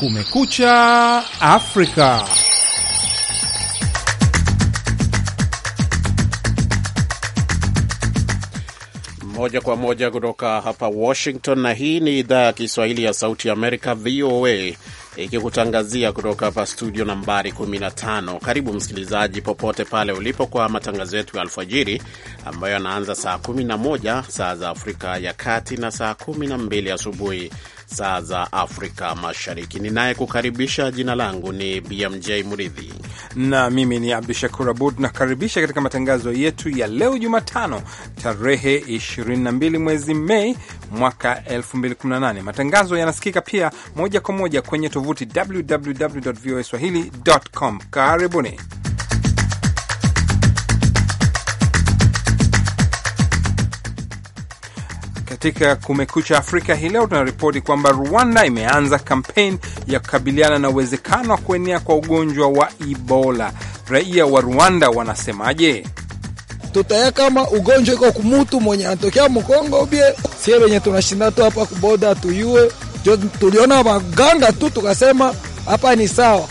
Kumekucha Afrika. Moja kwa moja kutoka hapa Washington, na hii ni idhaa ya Kiswahili ya Sauti ya Amerika, VOA, ikikutangazia kutoka hapa studio nambari 15. Karibu msikilizaji, popote pale ulipo, kwa matangazo yetu ya alfajiri ambayo yanaanza saa 11 saa za Afrika ya Kati na saa 12 asubuhi saa za Afrika Mashariki. ninayekukaribisha jina langu ni BMJ Muridhi na mimi ni Abdu Shakur Abud, nakaribisha katika matangazo yetu ya leo Jumatano tarehe 22 mwezi Mei mwaka 2018. Matangazo yanasikika pia moja kwa moja kwenye tovuti www voa swahili.com. Karibuni. Katika Kumekucha Afrika hii leo tunaripoti kwamba Rwanda imeanza kampeni ya kukabiliana na uwezekano wa kuenea kwa ugonjwa wa Ebola. Raia wa Rwanda wanasemaje? tutaya kama ugonjwa iko kumutu mwenye anatokea Mkongo bie sie venye tunashinda tu hapa kuboda tuyue tuliona waganga tu tukasema hapa ni sawa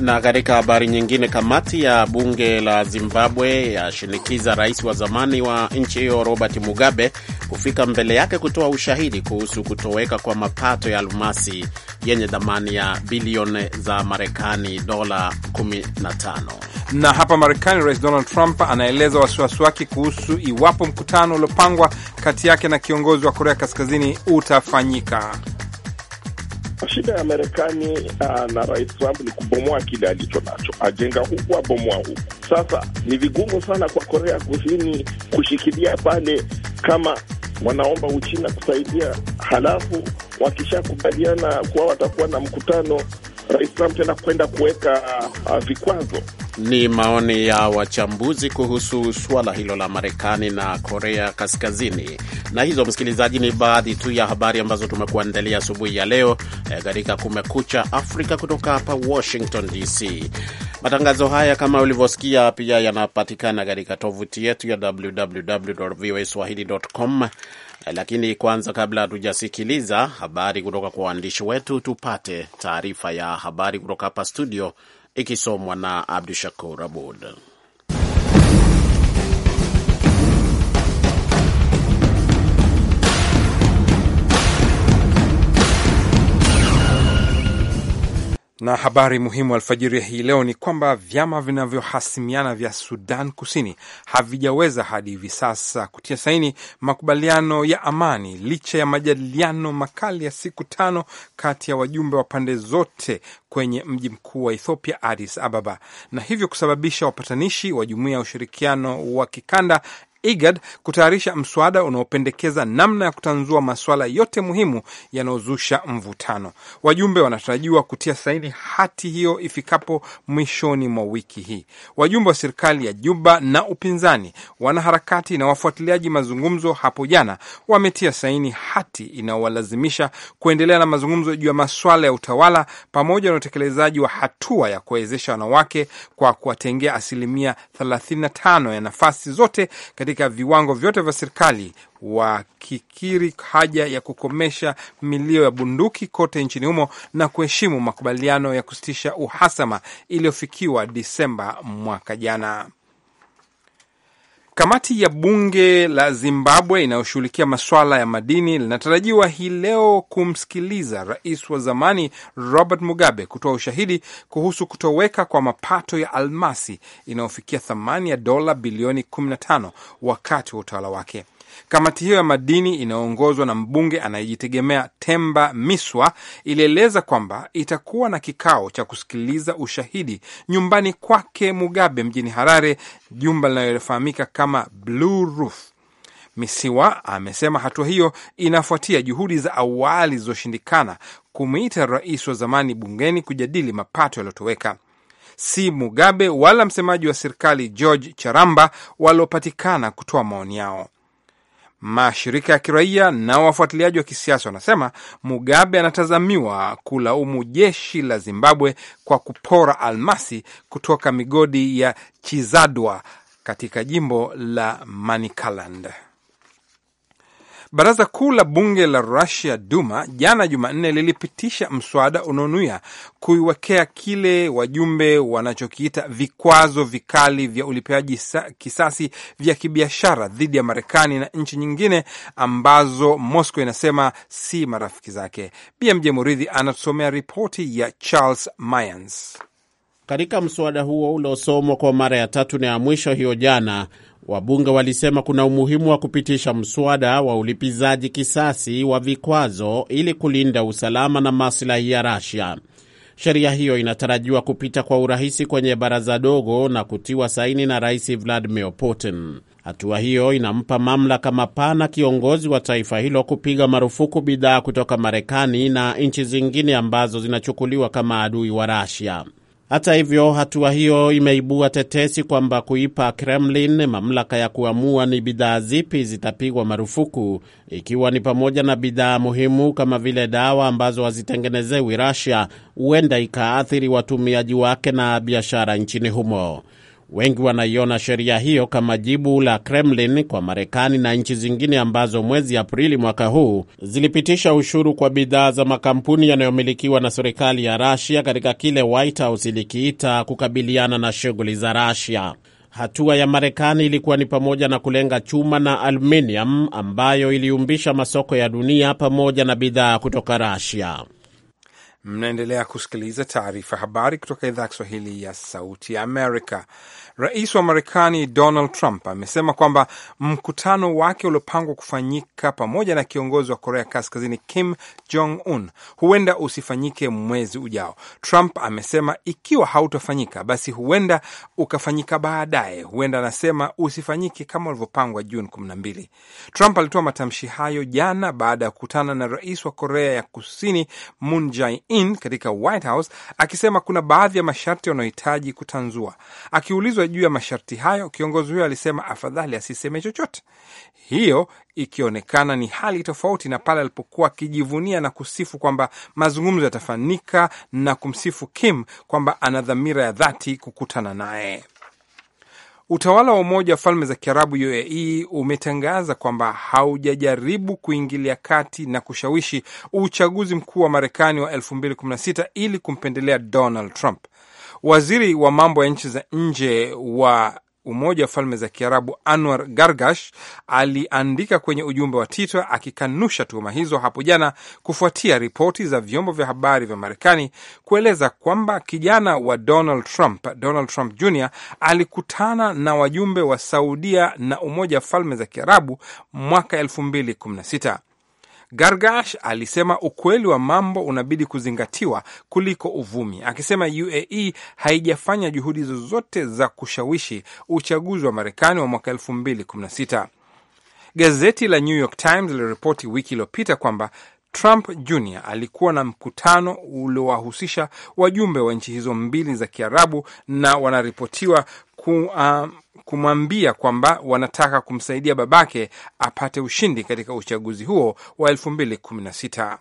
na katika habari nyingine, kamati ya bunge la Zimbabwe yashinikiza rais wa zamani wa nchi hiyo Robert Mugabe kufika mbele yake kutoa ushahidi kuhusu kutoweka kwa mapato ya almasi yenye thamani ya bilioni za Marekani dola 15. Na hapa Marekani, rais Donald Trump anaeleza wasiwasi wake kuhusu iwapo mkutano uliopangwa kati yake na kiongozi wa Korea Kaskazini utafanyika. Shida ya Marekani uh, na Rais Trump ni kubomoa kile alicho nacho, ajenga huku abomoa huku. Sasa ni vigumu sana kwa Korea Kusini kushikilia pale kama wanaomba Uchina kusaidia, halafu wakishakubaliana kuwa watakuwa na mkutano, Rais Trump tena kwenda kuweka uh, vikwazo ni maoni ya wachambuzi kuhusu suala hilo la Marekani na Korea Kaskazini. Na hizo, msikilizaji, ni baadhi tu ya habari ambazo tumekuandalia asubuhi ya leo eh, katika Kumekucha Afrika kutoka hapa Washington DC. Matangazo haya kama ulivyosikia, pia yanapatikana katika tovuti yetu ya www.voaswahili.com. Eh, lakini kwanza, kabla hatujasikiliza habari kutoka kwa waandishi wetu, tupate taarifa ya habari kutoka hapa studio ikisomwa na Abdu Shakur Abud. Na habari muhimu alfajiri hii leo ni kwamba vyama vinavyohasimiana vya Sudan Kusini havijaweza hadi hivi sasa kutia saini makubaliano ya amani licha ya majadiliano makali ya siku tano kati ya wajumbe wa pande zote kwenye mji mkuu wa Ethiopia, Addis Ababa, na hivyo kusababisha wapatanishi wa Jumuiya ya Ushirikiano wa Kikanda IGAD kutayarisha mswada unaopendekeza namna ya kutanzua masuala yote muhimu yanayozusha mvutano. Wajumbe wanatarajiwa kutia saini hati hiyo ifikapo mwishoni mwa wiki hii. Wajumbe wa serikali ya Juba na upinzani, wanaharakati na wafuatiliaji mazungumzo hapo jana wametia saini hati inayowalazimisha kuendelea na mazungumzo juu ya maswala ya utawala pamoja na utekelezaji wa hatua ya kuwawezesha wanawake kwa kuwatengea asilimia 35 ya nafasi zote katika katika viwango vyote vya serikali wakikiri haja ya kukomesha milio ya bunduki kote nchini humo na kuheshimu makubaliano ya kusitisha uhasama iliyofikiwa Disemba mwaka jana. Kamati ya bunge la Zimbabwe inayoshughulikia masuala ya madini linatarajiwa hii leo kumsikiliza rais wa zamani Robert Mugabe kutoa ushahidi kuhusu kutoweka kwa mapato ya almasi inayofikia thamani ya dola bilioni 15 wakati wa utawala wake. Kamati hiyo ya madini inayoongozwa na mbunge anayejitegemea Temba Miswa ilieleza kwamba itakuwa na kikao cha kusikiliza ushahidi nyumbani kwake Mugabe mjini Harare, jumba linalofahamika kama Blue Roof. Misiwa amesema hatua hiyo inafuatia juhudi za awali zilizoshindikana kumwita rais wa zamani bungeni kujadili mapato yaliyotoweka. Si Mugabe wala msemaji wa serikali George Charamba waliopatikana kutoa maoni yao. Mashirika ya kiraia na wafuatiliaji wa kisiasa wanasema Mugabe anatazamiwa kulaumu jeshi la Zimbabwe kwa kupora almasi kutoka migodi ya Chizadwa katika jimbo la Manicaland. Baraza kuu la bunge la Rusia, Duma, jana Jumanne lilipitisha mswada unaonuia kuiwekea kile wajumbe wanachokiita vikwazo vikali vya ulipiaji kisasi vya kibiashara dhidi ya Marekani na nchi nyingine ambazo Moscow inasema si marafiki zake. BMJ Muridhi anatusomea ripoti ya Charles Mayans. Katika mswada huo uliosomwa kwa mara ya tatu na ya mwisho hiyo jana Wabunge walisema kuna umuhimu wa kupitisha mswada wa ulipizaji kisasi wa vikwazo ili kulinda usalama na maslahi ya Rasia. Sheria hiyo inatarajiwa kupita kwa urahisi kwenye baraza dogo na kutiwa saini na Rais Vladimir Putin. Hatua hiyo inampa mamlaka mapana kiongozi wa taifa hilo kupiga marufuku bidhaa kutoka Marekani na nchi zingine ambazo zinachukuliwa kama adui wa Rasia. Hata hivyo, hatua hiyo imeibua tetesi kwamba kuipa Kremlin mamlaka ya kuamua ni bidhaa zipi zitapigwa marufuku, ikiwa ni pamoja na bidhaa muhimu kama vile dawa ambazo hazitengenezewi rusia huenda ikaathiri watumiaji wake na biashara nchini humo. Wengi wanaiona sheria hiyo kama jibu la Kremlin kwa Marekani na nchi zingine ambazo mwezi Aprili mwaka huu zilipitisha ushuru kwa bidhaa za makampuni yanayomilikiwa na serikali ya Rasia katika kile White House ilikiita kukabiliana na shughuli za Rasia. Hatua ya Marekani ilikuwa ni pamoja na kulenga chuma na aluminium ambayo iliumbisha masoko ya dunia pamoja na bidhaa kutoka Rasia. Mnaendelea kusikiliza taarifa habari kutoka idhaa ya Kiswahili ya Sauti ya Amerika. Rais wa Marekani Donald Trump amesema kwamba mkutano wake uliopangwa kufanyika pamoja na kiongozi wa Korea Kaskazini Kim Jong Un huenda usifanyike mwezi ujao. Trump amesema ikiwa hautafanyika, basi huenda ukafanyika baadaye, huenda anasema usifanyike kama ulivyopangwa Juni kumi na mbili Trump alitoa matamshi hayo jana baada ya kukutana na rais wa Korea ya Kusini Moon Jae In katika White House akisema kuna baadhi ya masharti wanayohitaji kutanzua. Akiulizwa juu ya masharti hayo, kiongozi huyo alisema afadhali asiseme chochote, hiyo ikionekana ni hali tofauti na pale alipokuwa akijivunia na kusifu kwamba mazungumzo yatafanika na kumsifu Kim kwamba ana dhamira ya dhati kukutana naye. Utawala wa Umoja wa Falme za Kiarabu, UAE, umetangaza kwamba haujajaribu kuingilia kati na kushawishi uchaguzi mkuu wa Marekani wa 2016 ili kumpendelea Donald Trump. Waziri wa mambo ya nchi za nje wa Umoja wa Falme za Kiarabu Anwar Gargash aliandika kwenye ujumbe wa Twitter akikanusha tuhuma hizo hapo jana, kufuatia ripoti za vyombo vya habari vya Marekani kueleza kwamba kijana wa Donald Trump, Donald Trump Jr alikutana na wajumbe wa Saudia na Umoja wa Falme za Kiarabu mwaka 2016. Gargash alisema ukweli wa mambo unabidi kuzingatiwa kuliko uvumi, akisema UAE haijafanya juhudi zozote za kushawishi uchaguzi wa Marekani wa mwaka 2016. Gazeti la New York Times liliripoti wiki iliyopita kwamba Trump Jr alikuwa na mkutano uliowahusisha wajumbe wa nchi hizo mbili za Kiarabu na wanaripotiwa ku, uh, kumwambia kwamba wanataka kumsaidia babake apate ushindi katika uchaguzi huo wa 216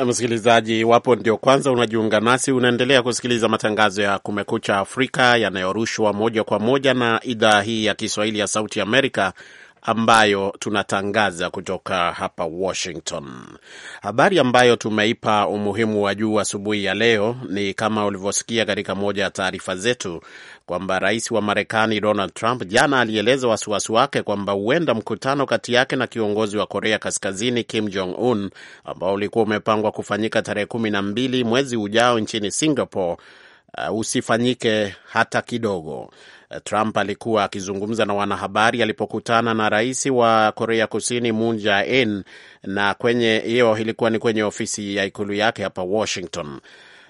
Eh, msikilizaji, iwapo ndio kwanza unajiunga nasi, unaendelea kusikiliza matangazo ya Kumekucha Afrika yanayorushwa moja kwa moja na idhaa hii ya Kiswahili ya Sauti Amerika ambayo tunatangaza kutoka hapa Washington. Habari ambayo tumeipa umuhimu wa juu asubuhi ya leo ni kama ulivyosikia katika moja ya taarifa zetu kwamba rais wa Marekani Donald Trump jana alieleza wasiwasi wake kwamba huenda mkutano kati yake na kiongozi wa Korea Kaskazini Kim Jong Un ambao ulikuwa umepangwa kufanyika tarehe kumi na mbili mwezi ujao nchini Singapore uh, usifanyike hata kidogo. Eh, Trump alikuwa akizungumza na wanahabari alipokutana na rais wa Korea Kusini Moon Jae-in, na kwenye hiyo ilikuwa ni kwenye ofisi ya ikulu yake hapa Washington.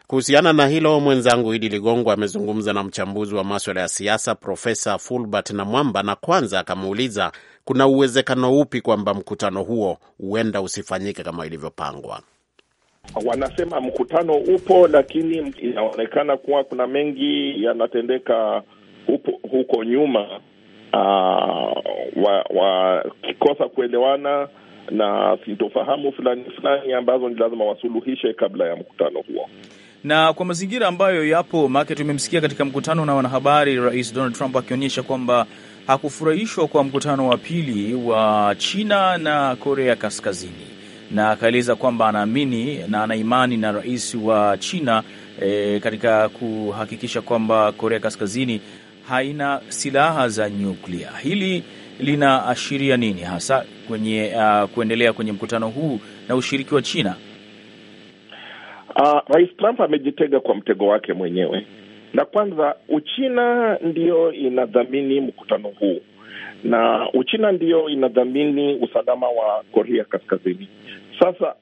Kuhusiana na hilo, mwenzangu Idi Ligongo amezungumza na mchambuzi wa maswala ya siasa Profesa Fulbert na Mwamba, na kwanza akamuuliza kuna uwezekano upi kwamba mkutano huo huenda usifanyike kama ilivyopangwa. Wanasema mkutano upo, lakini inaonekana kuwa kuna mengi yanatendeka hupo, huko nyuma uh, ah, wakikosa wa kuelewana na sintofahamu fulani fulani ambazo ni lazima wasuluhishe kabla ya mkutano huo na kwa mazingira ambayo yapo maake, tumemsikia katika mkutano na wanahabari Rais Donald Trump akionyesha kwamba hakufurahishwa kwa mkutano wa pili wa China na Korea Kaskazini, na akaeleza kwamba anaamini na ana imani na rais wa China e, katika kuhakikisha kwamba Korea Kaskazini haina silaha za nyuklia. Hili linaashiria nini hasa kwenye uh, kuendelea kwenye mkutano huu na ushiriki wa China? Uh, Rais Trump amejitega kwa mtego wake mwenyewe. Na kwanza, Uchina ndiyo inadhamini mkutano huu na Uchina ndiyo inadhamini usalama wa Korea Kaskazini. Sasa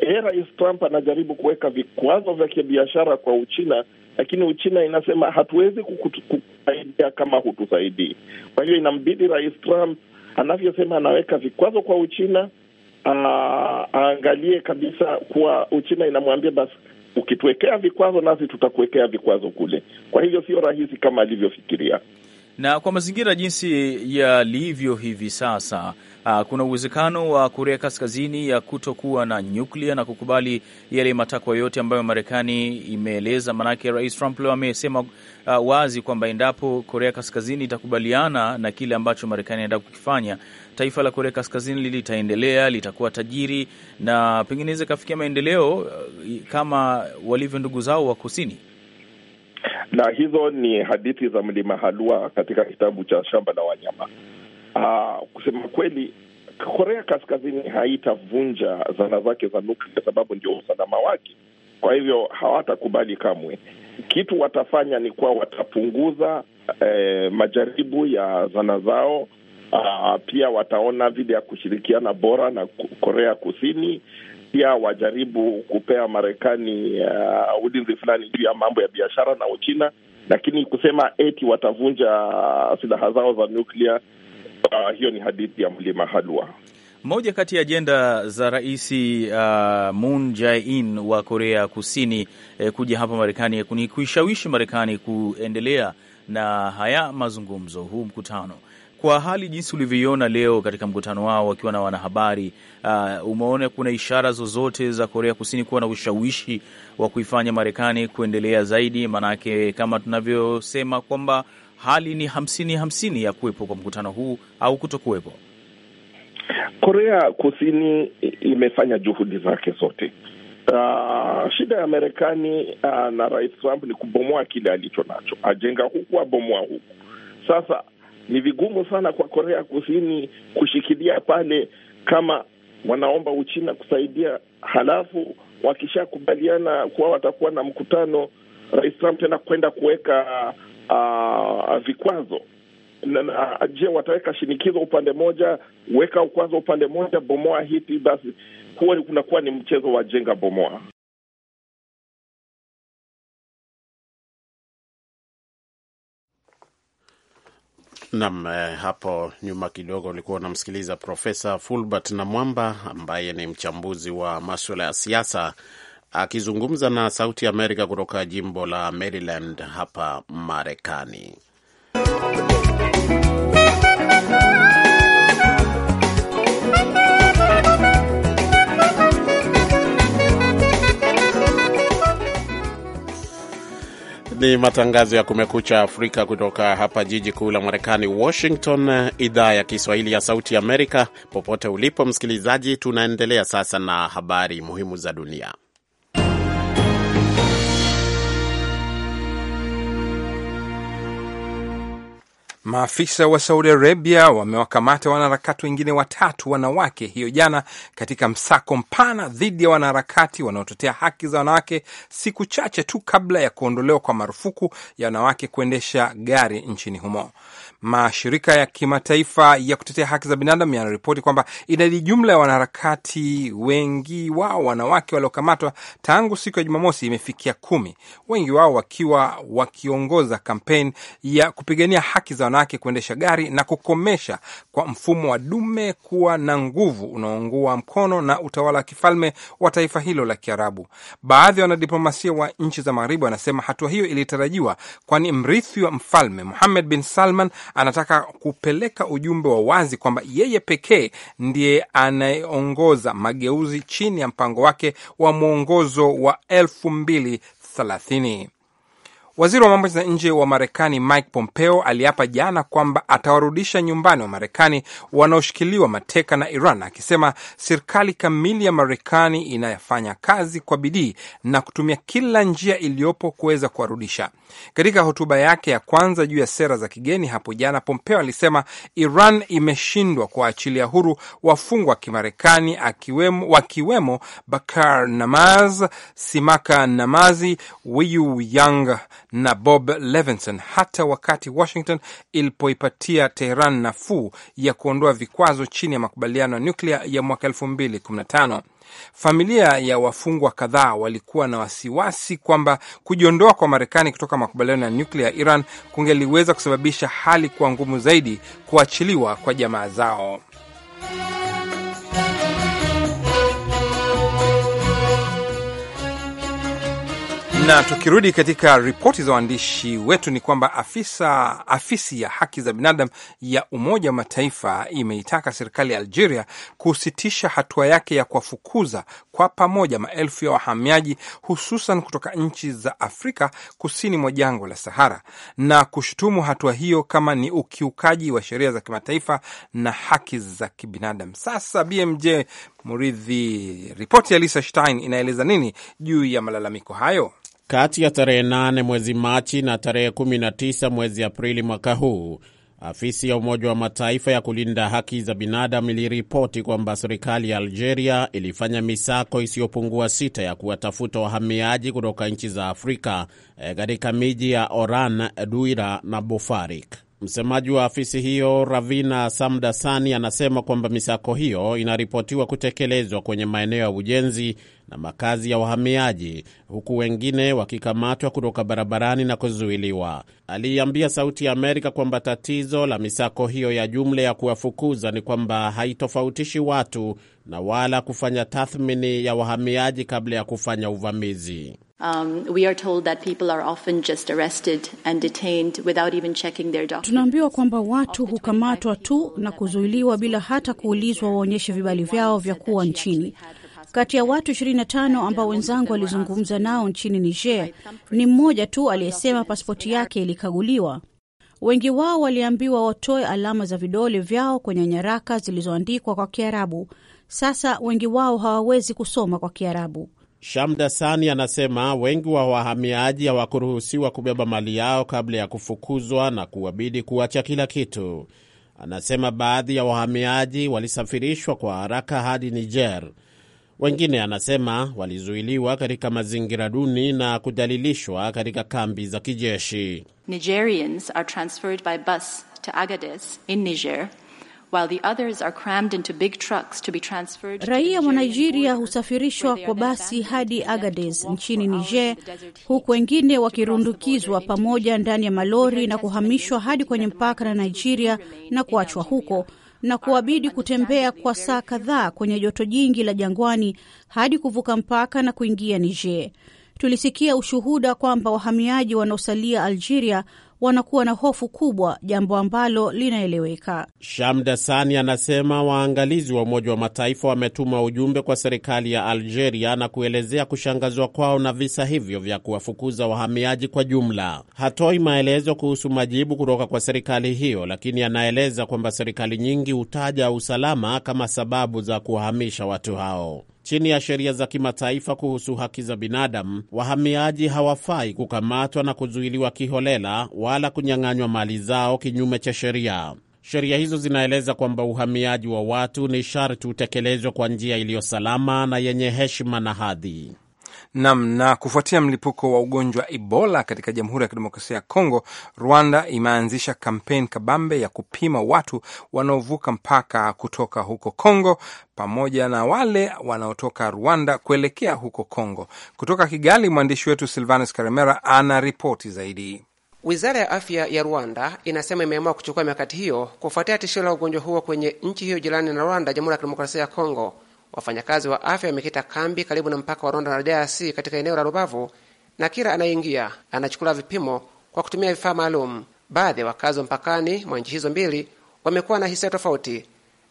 e, Rais Trump anajaribu kuweka vikwazo vya kibiashara kwa Uchina, lakini Uchina inasema hatuwezi kukusaidia kama hutusaidii. Kwa hiyo inambidi Rais Trump anavyosema anaweka vikwazo kwa Uchina, aangalie kabisa kuwa Uchina inamwambia basi, ukituwekea vikwazo nasi tutakuwekea vikwazo kule. Kwa hivyo sio rahisi kama alivyofikiria. Na kwa mazingira jinsi yalivyo hivi sasa, uh, kuna uwezekano wa Korea Kaskazini ya kutokuwa na nyuklia na kukubali yale matakwa yote ambayo Marekani imeeleza. Maanake Rais Trump leo amesema uh, wazi kwamba endapo Korea Kaskazini itakubaliana na kile ambacho Marekani anaenda kukifanya, taifa la Korea Kaskazini litaendelea, litakuwa tajiri na pengine iweze kafikia maendeleo uh, kama walivyo ndugu zao wa kusini na hizo ni hadithi za mlima Halua katika kitabu cha Shamba la Wanyama. Aa, ah, kusema kweli Korea Kaskazini haitavunja zana zake za nuklia kwa sababu ndio usalama wake. Kwa hivyo hawatakubali kamwe. Kitu watafanya ni kuwa watapunguza eh, majaribu ya zana zao. Aa, ah, pia wataona vile ya kushirikiana bora na Korea Kusini pia wajaribu kupea Marekani uh, ulinzi fulani juu ya mambo ya biashara na Uchina, lakini kusema eti watavunja uh, silaha zao za nuklia uh, hiyo ni hadithi ya mlima halua. Moja kati ya ajenda za Rais uh, Moon Jae-in wa Korea Kusini eh, kuja hapa Marekani ni kuishawishi Marekani kuendelea na haya mazungumzo, huu mkutano kwa hali jinsi ulivyoiona leo katika mkutano wao wakiwa na wanahabari uh, umeona kuna ishara zozote za Korea Kusini kuwa na ushawishi wa kuifanya Marekani kuendelea zaidi? Maanake kama tunavyosema kwamba hali ni hamsini hamsini ya kuwepo kwa mkutano huu au kutokuwepo. Korea Kusini imefanya juhudi zake zote. Uh, shida ya Marekani uh, na Rais Trump ni kubomoa kile alicho nacho, ajenga huku abomoa huku. Sasa ni vigumu sana kwa Korea Kusini kushikilia pale kama wanaomba Uchina kusaidia, halafu wakishakubaliana kuwa watakuwa na mkutano, Rais Trump tena kwenda kuweka uh, vikwazo. Je, wataweka shinikizo upande mmoja, weka ukwazo upande mmoja, bomoa hiti? Basi huo kunakuwa ni mchezo wa jenga bomoa. Nam, eh, hapo nyuma kidogo ulikuwa unamsikiliza Profesa Fulbert na Mwamba ambaye ni mchambuzi wa maswala ya siasa akizungumza na Sauti Amerika kutoka jimbo la Maryland hapa Marekani. ni matangazo ya Kumekucha Afrika kutoka hapa jiji kuu la Marekani, Washington, idhaa ya Kiswahili ya Sauti Amerika. Popote ulipo msikilizaji, tunaendelea sasa na habari muhimu za dunia. Maafisa wa Saudi Arabia wamewakamata wanaharakati wengine watatu wanawake hiyo jana katika msako mpana dhidi ya wanaharakati wanaotetea haki za wanawake, siku chache tu kabla ya kuondolewa kwa marufuku ya wanawake kuendesha gari nchini humo. Mashirika ya kimataifa ya kutetea haki za binadamu yanaripoti kwamba idadi jumla ya wanaharakati, wengi wao wanawake, waliokamatwa tangu siku ya Jumamosi imefikia kumi, wengi wao wakiwa wakiongoza kampeni ya kupigania haki za wanawake kuendesha gari na kukomesha kwa mfumo wa dume kuwa na nguvu unaoungua mkono na utawala wa kifalme wa taifa hilo la Kiarabu. Baadhi ya wanadiplomasia wa nchi za Magharibi wanasema hatua hiyo ilitarajiwa, kwani mrithi wa mfalme Muhammad bin Salman anataka kupeleka ujumbe wa wazi kwamba yeye pekee ndiye anayeongoza mageuzi chini ya mpango wake wa mwongozo wa elfu mbili thelathini. Waziri wa mambo za nje wa Marekani Mike Pompeo aliapa jana kwamba atawarudisha nyumbani wa Marekani wanaoshikiliwa mateka na Iran, akisema serikali kamili ya Marekani inayofanya kazi kwa bidii na kutumia kila njia iliyopo kuweza kuwarudisha. Katika hotuba yake ya kwanza juu ya sera za kigeni hapo jana, Pompeo alisema Iran imeshindwa kuwaachilia huru wafungwa wa Kimarekani wakiwemo Bakar Namaz, Simaka Namazi, Wiyu Yang na Bob Levinson hata wakati Washington ilipoipatia Teheran nafuu ya kuondoa vikwazo chini ya makubaliano ya nyuklia ya mwaka 2015. Familia ya wafungwa kadhaa walikuwa na wasiwasi kwamba kujiondoa kwa Marekani kutoka makubaliano ya nyuklia ya Iran kungeliweza kusababisha hali kuwa ngumu zaidi kuachiliwa kwa jamaa zao. Na tukirudi katika ripoti za waandishi wetu ni kwamba afisa afisi ya haki za binadamu ya Umoja wa Mataifa imeitaka serikali ya Algeria kusitisha hatua yake ya kuwafukuza kwa pamoja maelfu ya wahamiaji hususan kutoka nchi za Afrika kusini mwa jangwa la Sahara na kushutumu hatua hiyo kama ni ukiukaji wa sheria za kimataifa na haki za kibinadamu. Sasa BMJ Muridhi, ripoti ya Lisa Stein inaeleza nini juu ya malalamiko hayo? Kati ya tarehe 8 mwezi Machi na tarehe 19 mwezi Aprili mwaka huu, afisi ya Umoja wa Mataifa ya kulinda haki za binadamu iliripoti kwamba serikali ya Algeria ilifanya misako isiyopungua sita ya kuwatafuta wahamiaji kutoka nchi za Afrika eh, katika miji ya Oran, duira na Bufarik. Msemaji wa afisi hiyo Ravina Samdasani anasema kwamba misako hiyo inaripotiwa kutekelezwa kwenye maeneo ya ujenzi na makazi ya wahamiaji, huku wengine wakikamatwa kutoka barabarani na kuzuiliwa. Aliambia Sauti ya Amerika kwamba tatizo la misako hiyo ya jumla ya kuwafukuza ni kwamba haitofautishi watu na wala kufanya tathmini ya wahamiaji kabla ya kufanya uvamizi. Um, Tunaambiwa kwamba watu hukamatwa tu na kuzuiliwa bila hata kuulizwa waonyeshe vibali vyao vya kuwa nchini. Kati ya watu 25 ambao wenzangu walizungumza nao nchini Niger, ni mmoja tu aliyesema pasipoti yake ilikaguliwa. Wengi wao waliambiwa watoe alama za vidole vyao kwenye nyaraka zilizoandikwa kwa Kiarabu. Sasa wengi wao hawawezi kusoma kwa Kiarabu. Shamda Sani anasema wengi wa wahamiaji hawakuruhusiwa kubeba mali yao kabla ya kufukuzwa na kuwabidi kuacha kila kitu. Anasema baadhi ya wahamiaji walisafirishwa kwa haraka hadi Niger. Wengine anasema walizuiliwa katika mazingira duni na kudhalilishwa katika kambi za kijeshi. Nigerians are transferred by bus to Agadez in Niger while the others are crammed into big trucks to be transferred. Raia wa Nigeria husafirishwa kwa basi hadi Agadez nchini Niger, huku wengine wakirundukizwa pamoja ndani ya malori na kuhamishwa hadi kwenye mpaka na Nigeria na kuachwa huko na kuwabidi kutembea kwa saa kadhaa kwenye joto jingi la jangwani hadi kuvuka mpaka na kuingia Niger. Tulisikia ushuhuda kwamba wahamiaji wanaosalia Algeria wanakuwa na hofu kubwa, jambo ambalo linaeleweka. Shamda Sani anasema waangalizi wa Umoja wa Mataifa wametuma ujumbe kwa serikali ya Algeria na kuelezea kushangazwa kwao na visa hivyo vya kuwafukuza wahamiaji kwa jumla. Hatoi maelezo kuhusu majibu kutoka kwa serikali hiyo, lakini anaeleza kwamba serikali nyingi hutaja usalama kama sababu za kuwahamisha watu hao. Chini ya sheria za kimataifa kuhusu haki za binadamu, wahamiaji hawafai kukamatwa na kuzuiliwa kiholela wala kunyang'anywa mali zao kinyume cha sheria. Sheria hizo zinaeleza kwamba uhamiaji wa watu ni sharti utekelezwe kwa njia iliyo salama na yenye heshima na hadhi. Nam. Na kufuatia mlipuko wa ugonjwa wa Ebola katika Jamhuri ya Kidemokrasia ya Kongo, Rwanda imeanzisha kampeni kabambe ya kupima watu wanaovuka mpaka kutoka huko Kongo pamoja na wale wanaotoka Rwanda kuelekea huko Kongo. Kutoka Kigali, mwandishi wetu Silvanus Karemera ana ripoti zaidi. Wizara ya afya ya Rwanda inasema imeamua kuchukua mikakati hiyo kufuatia tishio la ugonjwa huo kwenye nchi hiyo jirani na Rwanda, Jamhuri ya Kidemokrasia ya Kongo. Wafanyakazi wa afya wamekita kambi karibu na mpaka wa Rwanda na DRC katika eneo la Rubavu, na kila anayeingia anachukula vipimo kwa kutumia vifaa maalum. Baadhi ya wakazi wa mpakani mwa nchi hizo mbili wamekuwa na hisia tofauti,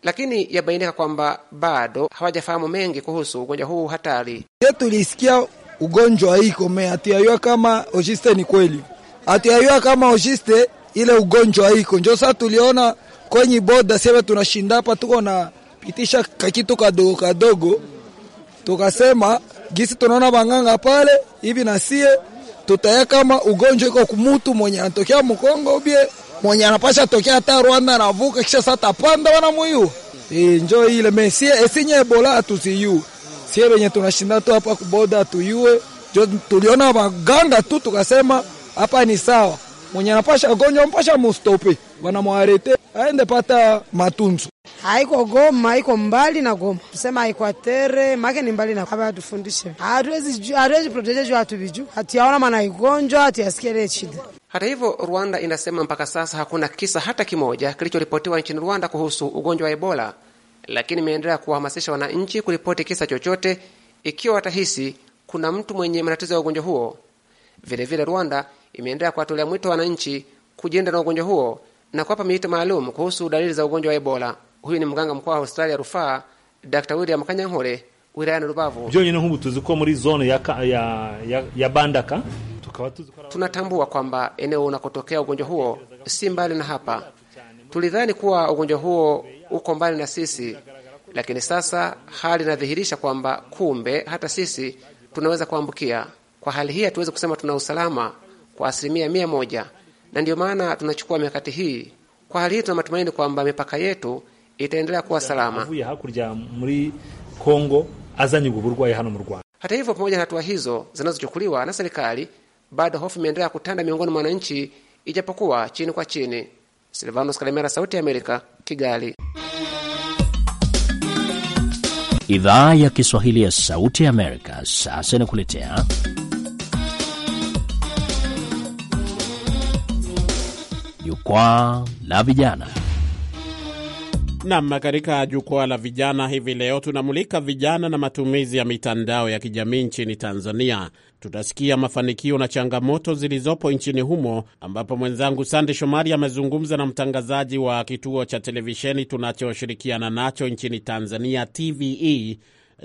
lakini yabainika kwamba bado hawajafahamu mengi kuhusu ugonjwa huu hatari. Ye, tulisikia ugonjwa iko me hatuyajua kama ojiste ni kweli, hatuyajua kama ojiste ile ugonjwa iko njo saa tuliona kwenye boda seve tunashinda hapa tuko na tukapitisha kakitu kadogo kadogo, tukasema gisi tunaona banganga pale hivi na sie tutaya kama ugonjwa iko kumutu mwenye anatokea Mkongo ubie mwenye anapasha tokea hata Rwanda anavuka kisha sata panda wana muyu e, njo ile mesie esinye Ebola atusiyu sie benye tunashinda tu hapa kuboda tuyue, jo tuliona baganga tu tukasema hapa ni sawa mwenye anapasha gonjwa mpasha mustope, wanamwarete aende pata matunzo. Haiko Goma, haiko mbali na Goma, tusema haiko atere make ni mbali na hapa. Atufundishe hatuwezi hatuwezi proteje juu hatuviju, hatuyaona maana igonjwa, hatuyasikia ile shida. Hata hivyo, Rwanda inasema mpaka sasa hakuna kisa hata kimoja kilichoripotiwa nchini Rwanda kuhusu ugonjwa wa Ebola, lakini imeendelea kuwahamasisha wananchi kuripoti kisa chochote ikiwa watahisi kuna mtu mwenye matatizo ya ugonjwa huo. Vilevile vile Rwanda imeendelea kuwatolea mwito wananchi kujilinda na ugonjwa huo na kuwapa miito maalum kuhusu dalili za ugonjwa wa Ebola. Huyu ni mganga mkuu wa hospitali ya rufaa Dr. William Kanyankore wilayani Rubavu. byonyine humu tuzi ko muri zone ya, ya, ya, ya Bandaka tunatambua kwamba eneo unakotokea ugonjwa huo si mbali na hapa. Tulidhani kuwa ugonjwa huo uko mbali na sisi, lakini sasa hali inadhihirisha kwamba kumbe hata sisi tunaweza kuambukia. Kwa hali hii hatuwezi kusema tuna usalama kwa asilimia mia moja, na ndiyo maana tunachukua mikakati hii. Kwa hali hii, tuna matumaini kwamba mipaka yetu itaendelea kuwa salama. Hata hivyo, pamoja na hatua hizo zinazochukuliwa na serikali, bado hofu imeendelea kutanda miongoni mwa wananchi, ijapokuwa chini kwa chini. Silvanos Kalemera, Sauti ya Amerika, Kigali. Idhaa ya Kiswahili ya Sauti ya Amerika sasa inakuletea Jukwaa la Vijana. Nam, katika jukwaa la vijana hivi leo tunamulika vijana na matumizi ya mitandao ya kijamii nchini Tanzania. Tutasikia mafanikio na changamoto zilizopo nchini humo, ambapo mwenzangu Sande Shomari amezungumza na mtangazaji wa kituo cha televisheni tunachoshirikiana nacho nchini Tanzania, TVE,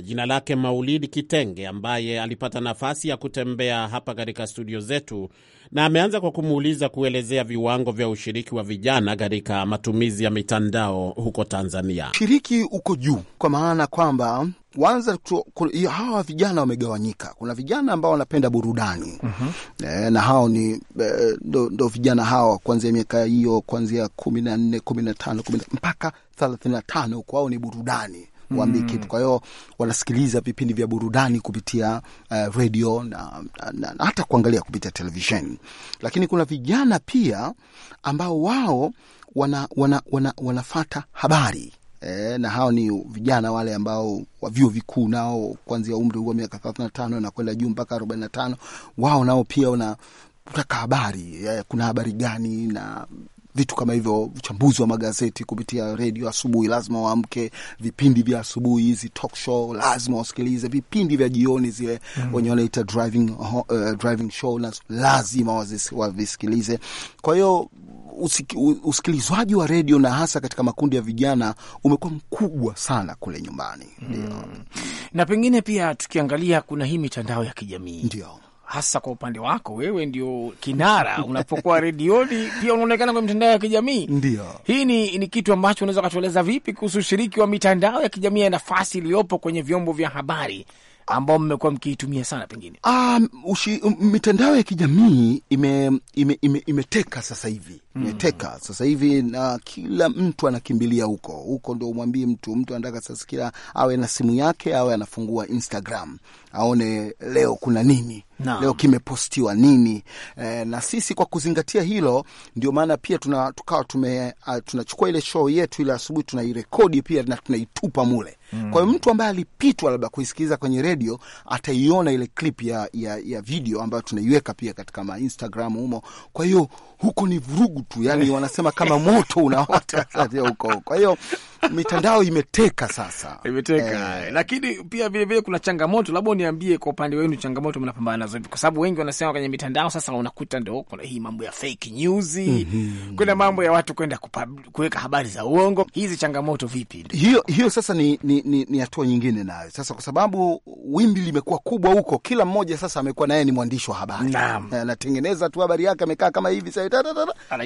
jina lake Maulidi Kitenge, ambaye alipata nafasi ya kutembea hapa katika studio zetu na ameanza kwa kumuuliza kuelezea viwango vya ushiriki wa vijana katika matumizi ya mitandao huko Tanzania. Ushiriki uko juu kwa maana kwamba kwanza hawa vijana wamegawanyika. Kuna vijana ambao wanapenda burudani mm -hmm. E, na hao ni eh, ndo ndo vijana hawa kuanzia miaka hiyo kuanzia kumi na nne kumi na tano mpaka thelathini na tano huko, ni burudani wa kitu mm. Kwa hiyo wanasikiliza vipindi vya burudani kupitia uh, radio na, na, na, na hata kuangalia kupitia televisheni, lakini kuna vijana pia ambao wao wana, wana, wana, wanafata habari E, na hao ni vijana wale ambao wa vyuo vikuu nao kuanzia umri wa miaka thelathini na tano na kwenda juu mpaka arobaini na tano wao nao pia wanataka habari e, kuna habari gani na vitu kama hivyo, uchambuzi wa magazeti kupitia redio asubuhi, lazima waamke. Vipindi vya asubuhi, hizi talk show, lazima wasikilize. Vipindi vya jioni, zile mm. wenye wanaita driving, uh, driving show, lazima wavisikilize. Kwa hiyo usikilizwaji wa redio na hasa katika makundi ya vijana umekuwa mkubwa sana kule nyumbani. Ndio mm. na pengine pia tukiangalia, kuna hii mitandao ya kijamii ndio hasa kwa upande wako wewe ndio kinara unapokuwa redioni, pia unaonekana kwenye mitandao ya kijamii. Ndio hii ni, ni kitu ambacho unaweza ukatueleza vipi kuhusu ushiriki wa mitandao ya kijamii ya nafasi iliyopo kwenye vyombo vya habari ambao mmekuwa mkiitumia sana pengine? Um, ushi, um, mitandao ya kijamii imeteka ime, ime, ime sasa hivi imeteka mm. Sasa hivi na kila mtu anakimbilia huko huko, ndo umwambie mtu, mtu anataka sasa kila awe na simu yake, awe anafungua Instagram aone leo kuna nini na, leo kimepostiwa nini e, na sisi kwa kuzingatia hilo, ndio maana pia tuna tukawa tume uh, tunachukua ile show yetu ile asubuhi tunairekodi pia na tunaitupa mule mm. Kwa hiyo mtu ambaye alipitwa labda kuisikiliza kwenye redio ataiona ile clip ya, ya, ya video ambayo tunaiweka pia katika ma Instagram humo. Kwa hiyo huko ni vurugu tupu, yani wanasema kama moto unaota huko. Kwa hiyo mitandao imeteka sasa, imeteka e. Lakini pia vilevile kuna changamoto, labda uniambie kwa upande wenu, changamoto mnapambana nazo vipi? Kwa sababu wengi wanasema kwenye mitandao sasa unakuta ndo kuna hii mambo ya fake news mm -hmm. kuna mambo ya watu kwenda kuweka habari za uongo. Hizi changamoto vipi? Hiyo hiyo sasa ni, ni, ni, ni hatua nyingine nayo sasa, kwa sababu wimbi limekuwa kubwa huko, kila mmoja sasa amekuwa naye ni mwandishi wa habari, eh, anatengeneza tu habari yake, amekaa kama hivi sasa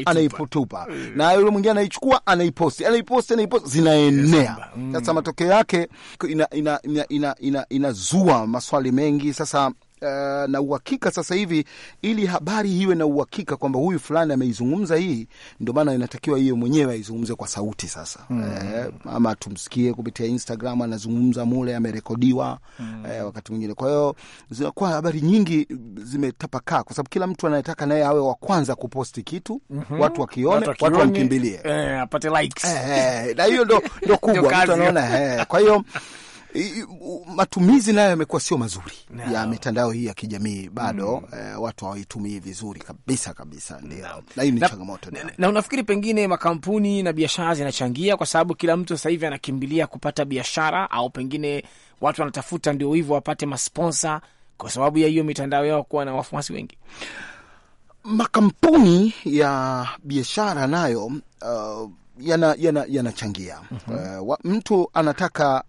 anaipotupa mm. na yule mwingine anaichukua anaiposti, anaiposti, anaiposti, zinaenea mm. sasa mm. matokeo yake inazua ina, ina, ina, ina, ina maswali mengi sasa uh, na uhakika sasa hivi, ili habari iwe na uhakika kwamba huyu fulani ameizungumza hii, ndio maana inatakiwa hiyo mwenyewe aizungumze kwa sauti sasa mm. eh, ama tumsikie kupitia Instagram anazungumza mule amerekodiwa mm. eh, wakati mwingine. Kwa hiyo zinakuwa habari nyingi zimetapakaa, kwa sababu kila mtu anayetaka naye awe wa kwanza kuposti kitu mm -hmm. watu wakione, watu wamkimbilie, eh, apate likes eh, na hiyo ndo kubwa mtu anaona eh, kwa hiyo matumizi nayo yamekuwa sio mazuri no. ya mitandao hii ya kijamii bado mm. E, watu hawaitumii vizuri kabisa kabisa, ndio na hiyo ni changamoto na, na unafikiri pengine makampuni na biashara zinachangia, kwa sababu kila mtu sasa hivi anakimbilia kupata biashara, au pengine watu wanatafuta ndio hivyo wapate masponsa kwa sababu ya hiyo mitandao yao kuwa na wafuasi wengi. Makampuni ya biashara nayo uh, yanachangia yana, yana uh, mtu anataka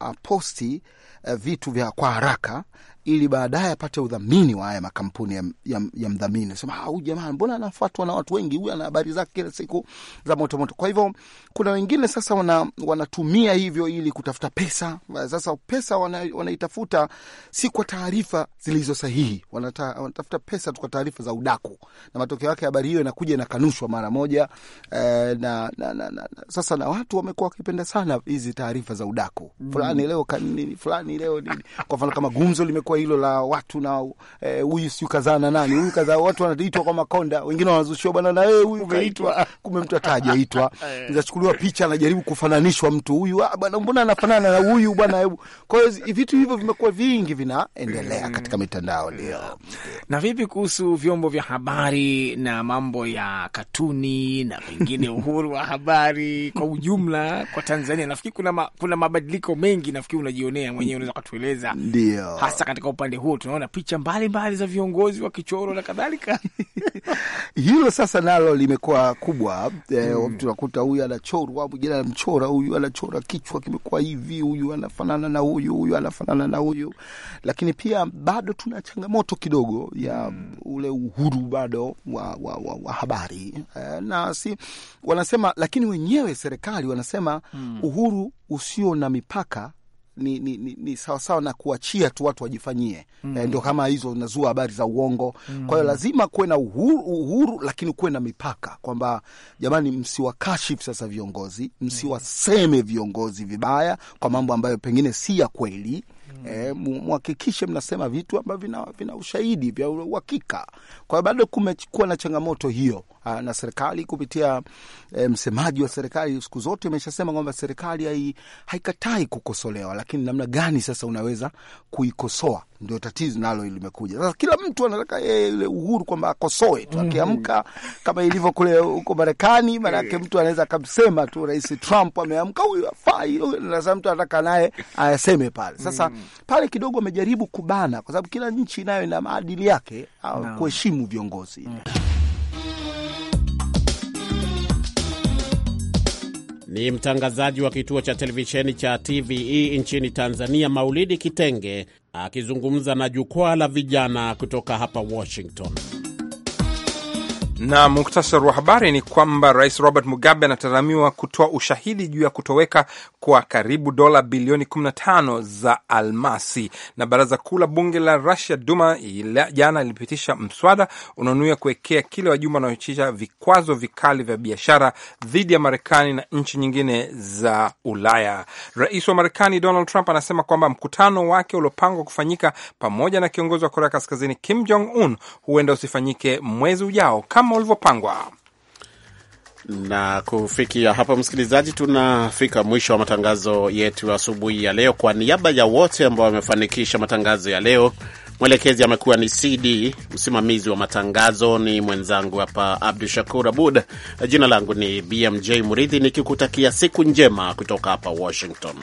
aposti uh, eh, uh, uh, vitu vya kwa haraka ili baadaye apate udhamini wa haya makampuni ya, ya, ya mdhamini. Nasema ah, huyu jamani, mbona anafuatwa na watu wengi, huyu ana habari zake kila siku za motomoto moto. Kwa hivyo kuna wengine sasa wana, wanatumia hivyo ili kutafuta pesa. Sasa pesa wana, wanaitafuta si kwa taarifa zilizo sahihi, wanata, wanatafuta pesa tu kwa taarifa za udaku, na matokeo yake habari hiyo inakuja inakanushwa mara moja eh, na, na, na, na, na, sasa na watu wamekuwa wakipenda sana hizi taarifa za udaku mm. fulani, leo kanini fulani leo nini, kwa mfano kama gumzo limekuwa kwa hilo la watu na eh, huyu e, siu kazaa na nani huyu kazaa, watu wanaitwa kwa makonda, wengine wanazushiwa bwana na wewe huyu umeitwa, kumbe mtu atajaitwa zachukuliwa eh. picha, anajaribu kufananishwa mtu huyu, ah bwana, mbona anafanana na huyu bwana, hebu. Kwa hiyo vitu hivyo vimekuwa vingi vinaendelea mm. katika mitandao leo. Mm. Na vipi kuhusu vyombo vya habari na mambo ya katuni na pengine uhuru wa habari kwa ujumla kwa Tanzania? Nafikiri kuna ma, kuna mabadiliko mengi, nafikiri unajionea mwenyewe, unaweza kutueleza ndio hasa katika kwa upande huo tunaona picha mbalimbali mbali za viongozi wa kichoro na kadhalika. Hilo sasa nalo limekuwa kubwa eh, mm. Tunakuta huyu anachorwa, mwingine anamchora huyu, anachora kichwa kimekuwa hivi, huyu anafanana na huyu, huyu anafanana na huyu, lakini pia bado tuna changamoto kidogo ya mm. ule uhuru bado wa, wa, wa, wa habari eh, na si wanasema, lakini wenyewe serikali wanasema mm. uhuru usio na mipaka ni, ni, ni, ni sawasawa na kuachia tu watu wajifanyie mm. E, ndio kama hizo unazua habari za uongo mm. Kwa hiyo lazima kuwe na uhuru, uhuru lakini kuwe na mipaka kwamba jamani, msiwakashifu sasa viongozi, msiwaseme viongozi vibaya kwa mambo ambayo pengine si ya kweli. Mm. E, muhakikishe mnasema vitu ambavyo vina, vina ushahidi vya uhakika. Kwa hiyo bado kumekuwa na changamoto hiyo Uh, na serikali kupitia e, msemaji wa serikali siku zote imeshasema kwamba serikali haikatai kukosolewa, lakini namna gani sasa unaweza kuikosoa ndio tatizo nalo limekuja sasa. Kila mtu anataka yeye ile uhuru kwamba akosoe tu mhm. akiamka, mm -hmm. kama ilivyo kule huko Marekani. Maanake mtu anaweza akamsema tu Rais Trump ameamka, huyu afai, sasa mtu anataka naye ayaseme pale. Sasa mhm. pale kidogo amejaribu kubana, kwa sababu kila nchi nayo ina maadili yake, no. kuheshimu viongozi mm -hmm. ni mtangazaji wa kituo cha televisheni cha TVE nchini Tanzania, Maulidi Kitenge akizungumza na jukwaa la vijana kutoka hapa Washington. Na muktasari wa habari ni kwamba Rais Robert Mugabe anatazamiwa kutoa ushahidi juu ya kutoweka kwa karibu dola bilioni 15 za almasi. Na baraza kuu la bunge la Russia, Duma, jana lilipitisha mswada unaonuia kuwekea kile wajumbe wanaochisha vikwazo vikali vya biashara dhidi ya Marekani na nchi nyingine za Ulaya. Rais wa Marekani Donald Trump anasema kwamba mkutano wake uliopangwa kufanyika pamoja na kiongozi wa Korea Kaskazini Kim Jong Un huenda usifanyike mwezi ujao kama kama ulivyopangwa na kufikia hapa, msikilizaji, tunafika mwisho wa matangazo yetu asubuhi ya leo. Kwa niaba ya wote ambao wamefanikisha matangazo ya leo, mwelekezi amekuwa ni CD, msimamizi wa matangazo ni mwenzangu hapa Abdu Shakur Abud. Jina langu ni BMJ Muridhi, nikikutakia siku njema kutoka hapa Washington.